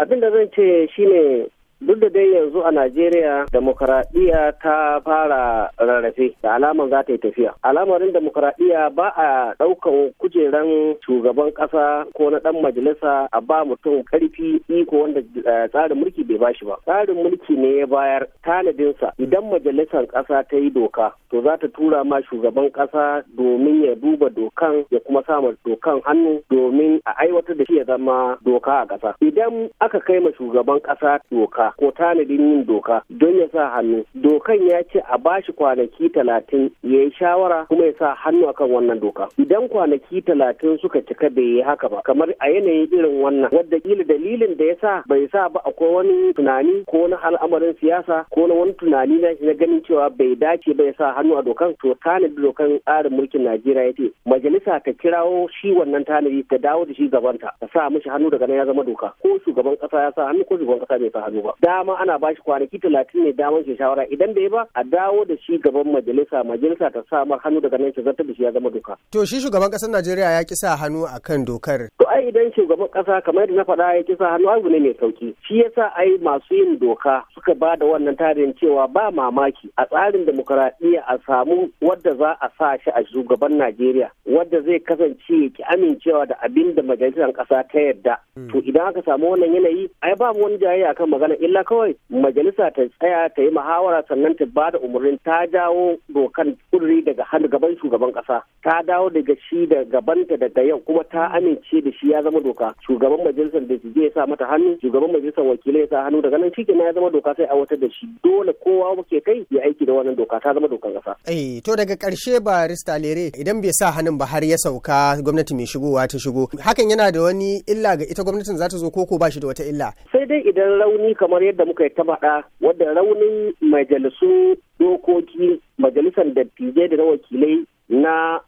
abin da zan ce shine duk da dai yanzu a najeriya demokaradiyya ta fara rarrafe da alamar za ta yi tafiya alamarin demokaradiyya ba a ɗaukan kujeran shugaban ƙasa ko na ɗan majalisa a ba mutum karfi iko wanda eh, tsarin mulki bai bashi ba tsarin mulki ne ya bayar tanadinsa idan majalisar ƙasa ta yi doka to za ta tura ma shugaban ƙasa domin ya duba dokan ya kuma sama dokan hannu domin a aiwatar da shi ya zama doka a ƙasa idan aka kai ma shugaban ƙasa doka ko tanadin yin doka don ya sa hannu dokan ya ce a bashi kwanaki talatin ya yi shawara kuma ya sa hannu akan wannan doka idan kwanaki talatin suka cika bai yi haka ba kamar a yanayin irin wannan wadda kila dalilin da ya sa bai sa ba akwai wani tunani ko na al'amarin siyasa ko na wani tunani na ganin cewa bai dace ba ya sa hannu a dokan to tanadi dokan tsarin mulkin najeriya ya ce majalisa ta kirawo shi wannan tanadi ta dawo da shi gabanta ta sa mishi hannu daga nan ya zama doka ko shugaban kasa ya sa hannu ko shugaban kasa bai sa hannu ba dama ana ba shi kwanaki talatin ne damar shi shawara idan bai ba a dawo da shi gaban majalisa majalisa ta samar hannu daga nan shi zartar da shi ya zama doka. To shi shugaban kasar Najeriya ya ki sa hannu a kan dokar. To ai idan shugaban kasa kamar yadda na faɗa ya ki sa hannu abu ne mai sauki. Shi yasa ai masu yin doka suka ba da wannan tarin cewa ba mamaki a tsarin demokuraɗiyya a samu wadda za a sa shi a shugaban Najeriya wadda zai kasance ki amincewa da abin da majalisar ƙasa ta yarda. Hmm. To idan aka samu wannan yanayi ai ba mu wani jayayya akan magana illa kawai majalisa ta tsaya ta yi muhawara sannan ta ba da umarnin ta jawo dokan kurri daga hannu gaban shugaban ƙasa ta dawo daga shi da gabanta daga yau kuma ta amince da shi ya zama doka shugaban majalisar da ya sa mata hannu shugaban majalisar wakilai ya sa hannu daga nan shi ya zama doka doka sai aiwatar da shi dole kowa muke kai ya aiki da wannan doka ta zama dokan kasa. Eh to daga karshe ba Rista Lere idan bai sa hannun ba har ya sauka gwamnati mai shigowa ta shigo hakan yana da wani illa ga ita gwamnatin za ta zo koko ba shi da wata illa. Sai dai idan rauni kamar yadda muka yi ta faɗa wadda raunin majalisu dokoki majalisar dattijai da na wakilai na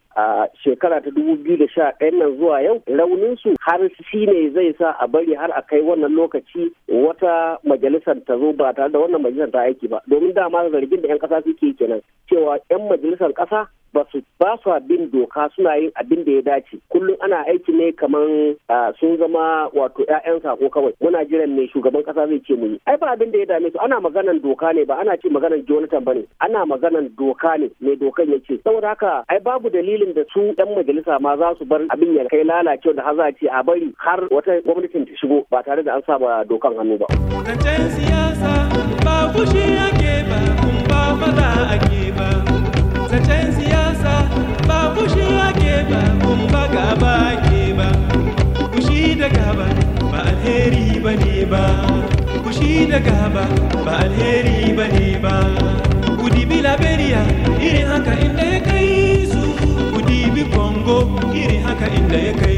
shekara ta dubu biyu da sha ɗaya nan zuwa yau raunin su har shi ne zai sa a bari har a kai wannan lokaci wata majalisar ta zo ba tare da wannan majalisar ta aiki ba domin dama zargin da 'yan ƙasa suke kenan cewa 'yan majalisar ƙasa ba su ba su abin doka suna yin abin da ya dace kullum ana aiki ne kamar sun zama wato 'ya'yan sako kawai muna jiran ne shugaban kasa zai ce mu yi ai ba abin da ya dame su ana maganan doka ne ba ana ce maganan Jonathan bane ana maganan doka ne mai dokan ya ce saboda haka ai babu dalilin da su yan majalisa ma za su bar abin ya kai lalacewa da har a ce a bari har wata gwamnatin ta shigo ba tare da an saba dokan hannu ba. siyasa ba fushi ake ba kun ba fada ake ba. mu ba gaba ke ba fushi da gaba ba alheri ba ne ba fushi da gaba ba alheri ba ne ba ku dibi liberia irin haka inda ya kai su ku dibi congo irin haka inda ya kai